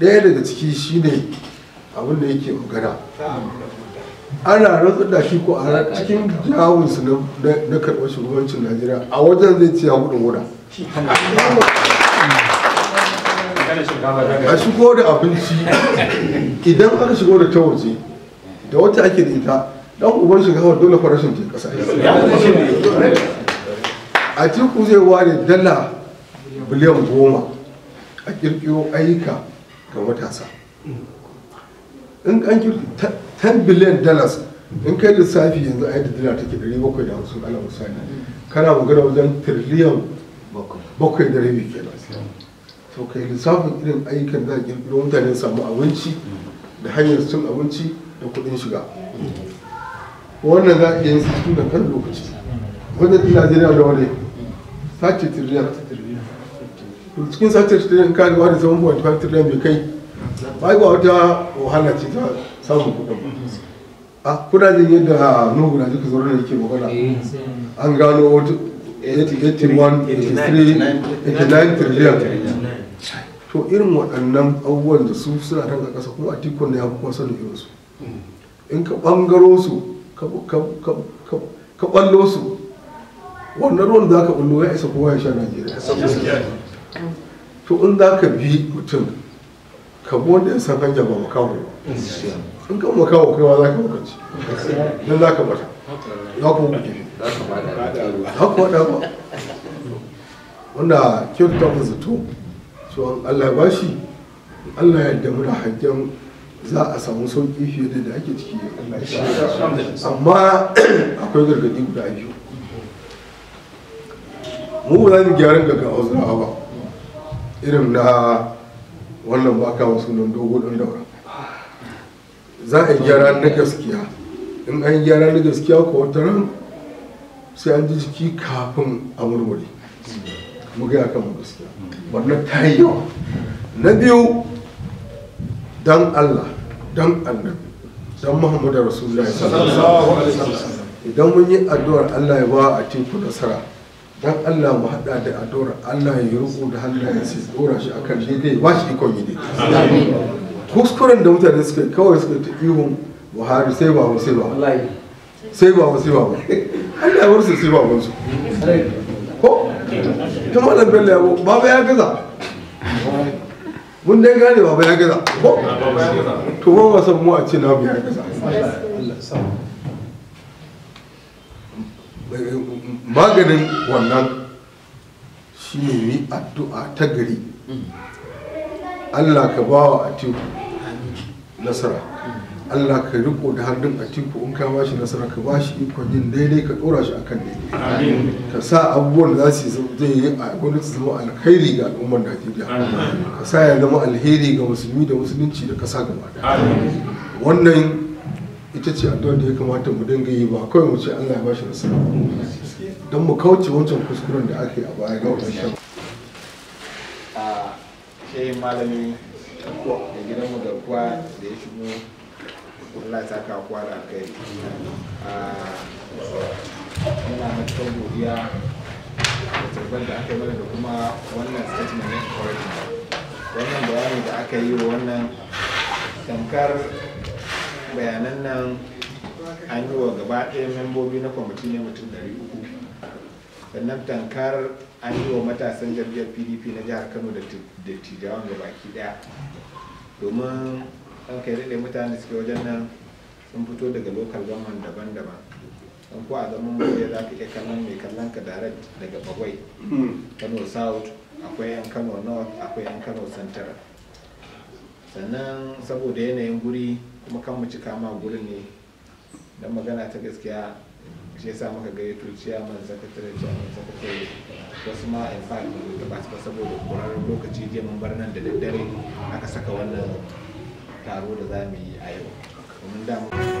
ɗaya daga ciki shine abin da yake magana ana rantsar da shi ko a cikin jawunsu na karɓar shugabancin najeriya a wajen zai ce ya hudun wuda a shigo da abinci idan aka shigo da ta waje da wata ake da ita dan uban shinkafa dole farashin ke kasa a tiku zai ware dala biliyan goma a kirkiro ayyuka ga matasa in an ki 10 billion dollars in kai lissafi yanzu a yadda bakwai da hamsin ala misali kana magana wajen tiriliyan bakwai da rabi kenan to kai lissafin irin ayyukan da girbi mutane samu abinci da hanyar cin abinci da kuɗin shiga wannan za a iya yin su tun da kan lokaci wajen najeriya da wani sace tiriliyan cikin satin trillion ka kari wani 7.5 trillion bai kai ba ga wata wahala ce ta samun kuɗin a kudaden yadda nuhu na duka zaune yake magana an gano wata 83 trillion to irin waɗannan abubuwan da su suna ranka ƙasa kuma a tikon na ya kuma sanin irin su in ka ɓangaro su ka ɓallo su wannan ruwan da aka ɓullo ya isa kowa ya sha najeriya to in za ka bi mutum ka bi wanda ya san hanya ba makawo ba in ka makawo kai ma za ka makaci don za ka bata za ku mutu za ku wada ba wanda kyauta mu zato cewa Allah ya bashi Allah ya yarda muna hangen za a samu sauƙi fiye da da ake ciki amma akwai gargadi guda biyu mu ba za mu gyaran gaggawa zuwa ba irin na wannan ba wasu nan dogo ɗan daura za a gyara na gaskiya in an gyara na gaskiya ko wata ran sai an ji jiki kafin a murmure mu gaya kan gaskiya wannan ta yi yawa na biyu dan Allah dan annabi dan Muhammadu Rasulullahi sallallahu alaihi wasallam idan mun yi addu'ar Allah ya ba a teku nasara dan Allah mu hada da addu'ar Allah ya rubu da hannayen su dora shi akan daidai ba shi ikon yi ne kuskuren da mutane suka yi kawai suka ta ihun Buhari sai ba mu sai ba sai ba mu sai ba mu Allah ya warsa sai ba mu ko ta malam bello ya baba ya gaza mun dai gane baba ya gaza ko to ba wasan mu a ce na bu ya gaza Allah ya sa maganin wannan shi ne ni addu'a ta gari allah ka ba wa atiku nasara allah ka riko da hannun atiku in ka bashi nasara ka bashi ikon yin daidai ka dora shi akan daidai ka sa abubuwan za su zai yi a su zama alkhairi ga al'ummar najeriya ka sa ya zama alheri ga musulmi da musulunci da kasa gaba wannan ita ce addu'ar da ya kamata mu dinga yi ba kawai mu ce Allah ya ba shi nasara don mu kauce wancan kuskuren da ake a baya ga wannan shan a shehin malami da gidanmu da kuwa da ya shigo Allah ya saka da kai na matuƙar godiya da tarbar da aka yi mana da kuma wannan statement na wannan bayani da aka yi wa wannan tamkar bayanan nan an yi wa gaba ɗaya membobi na kwamiti ne mutum 300 sannan tankar an yi wa matasan jam'iyyar pdp na jihar kano da gaba ki ɗaya domin an kai daɗe mutane suke wajen nan sun fito daga lokal gwamnan daban-daban an ko a zaman murya za ka iya kallon mai kallon ka direct daga bagwai hmm. kano south akwai yan kano north akwai yan kano central sannan saboda yanayin guri kuma kan mu cika ma gurin ne don magana ta gaskiya shi yasa muka gayyato ciyaman man ciyaman sakatare wasu ma in fact ba su ba saboda kurarren lokaci je mun bar nan da daddare aka saka wannan taro da za mu yi a yau domin